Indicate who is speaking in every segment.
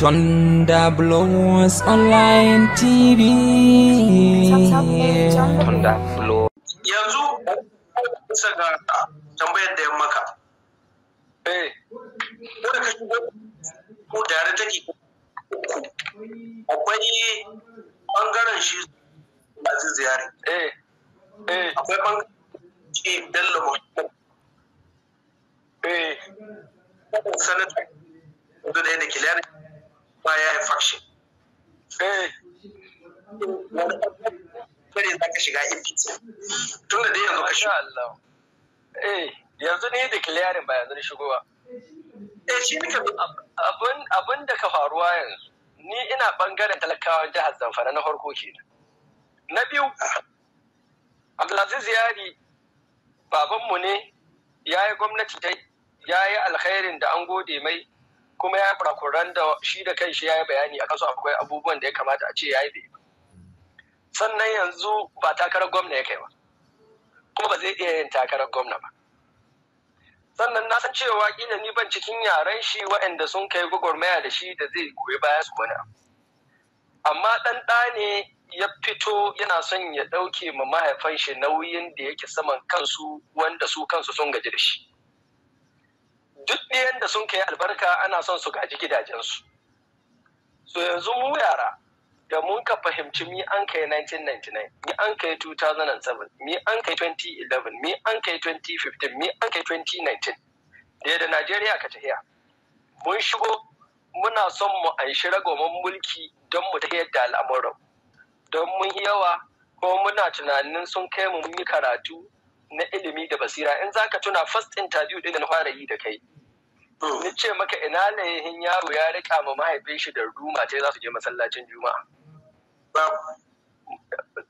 Speaker 1: Thunder Blows Online TV. Thunder Blows. Yanzu bisa ga tambayar da maka. Eh. Wanda ka shigo ko tare take akwai bangaren shi Aziz Yari. Eh. Eh. Akwai bangaren shi Bello Eh. Sanata. da yana baya infection eh. za ka shiga tun da yanzu ka shiga eh, yanzu ne da clearing ba yanzu shigo ba eh, shi abin da ka faruwa yanzu ni ina bangaren talakawa jihar Zamfara na farko ke. na biyu Abdulaziz Yari babanmu ne ya yi gwamnati ta ya yi alkhairin da an gode mai kuma ya kurakuran da shi da kan shi ya yi bayani a kasu akwai abubuwan da ya kamata a ce ya yi bai sannan yanzu ba takarar gwamna ya kai ba kuma ba zai iya yin takarar gwamna ba sannan na san cewa kila ni ban cikin yaren shi waɗanda sun kai gwagwarmaya da shi da zai goyi baya su wani abu amma ɗan ɗa ne ya fito yana son ya ɗauke ma mahaifan shi nauyin da yake saman kansu wanda su kansu sun gaji da shi duk ɗayan da sun kai albarka ana son su gaji gidajensu so yanzu mu yara da mun ka fahimci mi an kai 1999 mi an kai 2007 mi an kai 2011 mi an kai 2015 mi an kai 2019 da da najeriya ka tahiya. mun shigo muna son mu shi ragoman mulki don mu tahiyar da al'amuran don mun yawa ko muna tunanin sun kai mu mun yi karatu na ilimi da basira in zaka tuna first interview din na fara yi da kai Ni ce maka ina hin yaro ya rika ma mahaifin shi da ruma ta za su je masallacin juma'a.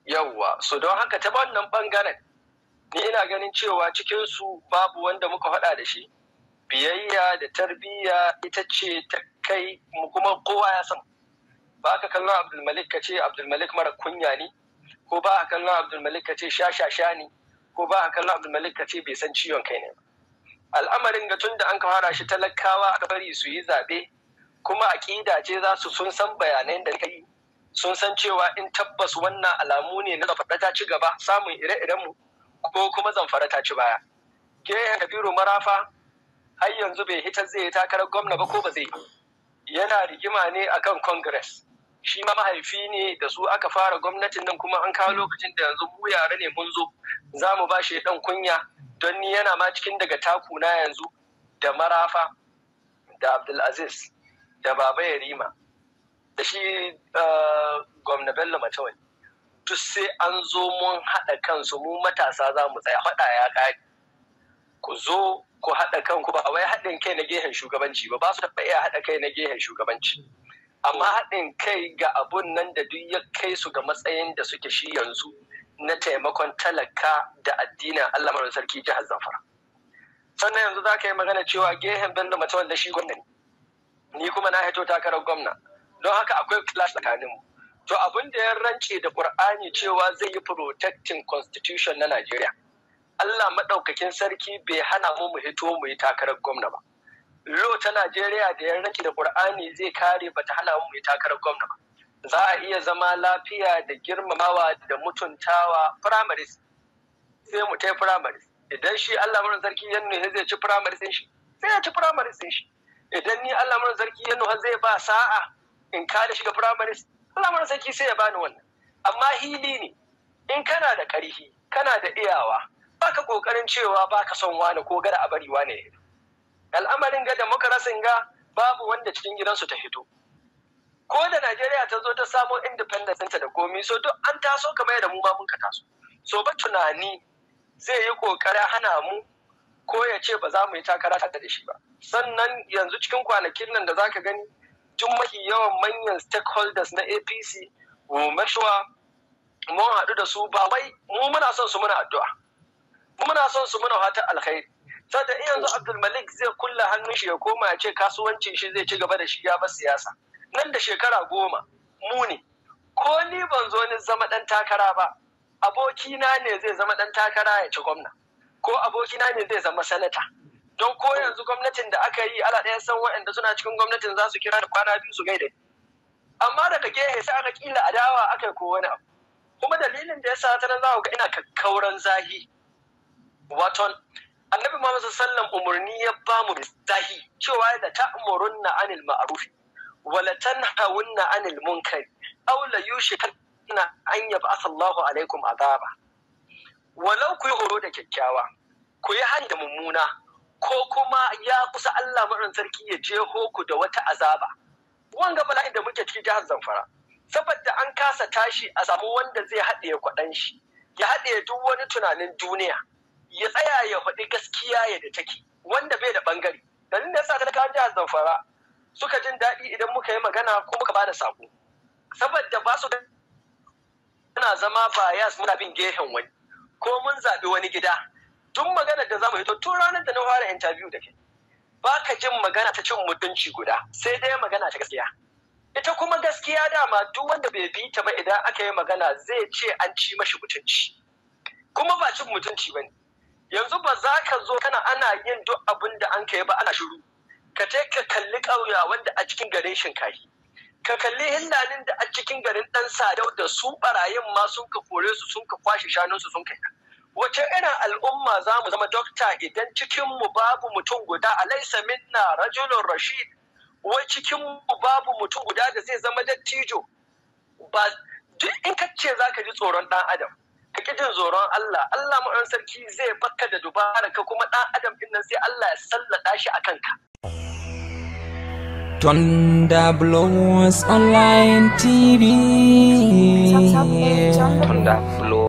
Speaker 1: Yawwa, so don haka ta wannan bangaren ni ina ganin cewa cikin su babu wanda muka faɗa da shi biyayya da tarbiyya ita ce ta kai kuma kowa ya san ba ka kallon abdulmalik ka ce abdulmalik mara kunya ne ko ba ka kallon abdulmalik ka ce sha sha sha ne ko ba ka kallon abdulmalik ka ce bai san ciwon kai ne ba al'amarin ga tun da an fara shi talakawa a bari su yi zaɓe kuma aƙida ce za su sun san bayanai da kai sun san cewa in tabbas wannan alamu ne na zamfara ta ci gaba samun ire-irenmu ko kuma zamfara ta ci baya ke kabiru marafa har yanzu bai hita zai takarar gwamna ba ko ba zai yana rigima ne akan congress shi ma mahaifi ne da su aka fara gwamnatin nan kuma an kawo lokacin da yanzu mu yare ne mun zo za mu ba shi dan kunya don ni yana ma cikin daga taku na yanzu da marafa da abdulaziz da baba yarima da shi eh, gwamna bello matawai duk sai an zo mun haɗa kansu mu matasa za mu tsaya faɗa ya ƙari ku zo ku haɗa kanku ba wai haɗin kai na gehen shugabanci ba ba su taɓa iya haɗa kai na gehen shugabanci amma haɗin kai ga abun nan da duk ya kai su ga matsayin da suke shi yanzu na taimakon talaka da addinin Allah mara sarki jihar Zamfara. Sannan yanzu za ka yi magana cewa gehen da mace wanda shi gwamna ne. Ni kuma na haito takarar gwamna. Don haka akwai clash tsakaninmu. To abin da ya rance da Qur'ani cewa zai yi protecting constitution na Najeriya. Allah maɗaukakin sarki bai hana mu mu hito mu yi takarar gwamna ba. Lo ta Najeriya da ya rance da Qur'ani zai kare bata hana mu mu yi takarar gwamna ba. za a iya zama lafiya da girmamawa da mutuntawa primaries sai mu tai primaries idan shi Allah mana sarki ya nuna zai ci primaries shi sai ya ci primaries shi idan ni Allah mana sarki ya nuna zai ba sa'a in ka da shi ga primaries Allah mana sarki sai ya bani wannan amma hili ne in kana da ƙarfi, kana da iyawa baka kokarin cewa baka son wani ko gada a bari wani ya al'amarin ga da muka ga babu wanda cikin gidansu ta fito ko da samo independence ta da komi so duk an taso kamar yadda mu ba mun ka taso so ba tunani zai yi kokarin hana mu ko ya ce ba za mu yi takara ta da shi ba sannan yanzu cikin kwanakin nan da zaka gani tun mafi yawan manyan stakeholders na apc mu mun haɗu da su ba wai mu muna son su muna addu'a mu muna son su muna fatan alkhairi sada in yanzu abdulmalik zai kulla hannun shi ya koma ya ce kasuwancin shi zai ci gaba da shiga ba siyasa nan da shekara goma Muni, ko ni ban zo ni zama ɗan takara ba abokina ne zai zama ɗan takara ya ci gwamna ko abokina ne zai zama sanata don ko yanzu gwamnatin da aka yi ala ɗaya san waɗanda suna cikin gwamnatin za su kira da kwana biyu su gaida amma daga gehe sai aka kila adawa aka yi ko wani abu kuma dalilin da ya sa ta za ga ina kakkauran zahi waton annabi muhammad sallam umarni ya ba mu zahi cewa da ta'murunna anil ma'arufi wala tanhawunna anil munkari aw la na an yaba asallahu alaikum azaba walau ku yi horo da kyakkyawa ku yi da mummuna ko kuma ya kusa Allah maran sarki ya je ku da wata azaba wanga bala'in da muke cikin jihar Zamfara saboda an kasa tashi a samu wanda zai haɗe kwaɗan shi ya haɗe duk wani tunanin duniya ya tsaya ya faɗi gaskiya ya da take wanda bai da ɓangare dalilin da ta kawo jihar Zamfara suka jin daɗi idan muka yi magana ko muka bada saƙo. saboda ba su da muna zama su muna bin gehen wani ko mun zaɓi wani gida duk maganar da zamu to tun ranar da na fara interview da ke ba ka jin magana ta cin mutunci guda sai dai magana ta gaskiya ita kuma gaskiya dama duk wanda bai bi ta ba idan aka yi magana zai ce an ci mashi mutunci kuma ba cin mutunci ba ne yanzu ba za ka zo kana ana yin duk abin da an kai ba ana shiru ka je ka kalli ƙauya wanda a cikin gare shinkahi ka kalli hillanin da a cikin garin ɗan sadau da su ɓarayin ma sun ka kore su sun ka kwashe shanunsu sun kai wace irin al'umma za mu zama dokta idan cikinmu babu mutum guda alaisa minna rajulun rashid wai cikinmu babu mutum guda da zai zama dattijo ba duk in ka ce za ka ji tsoron ɗan adam ka ƙi jin tsoron Allah Allah ma'an sarki zai bakka da dubara ka kuma ɗan adam ɗin nan sai Allah ya sallada shi a kanka. Thunder Blows Online TV. Thunder Blows.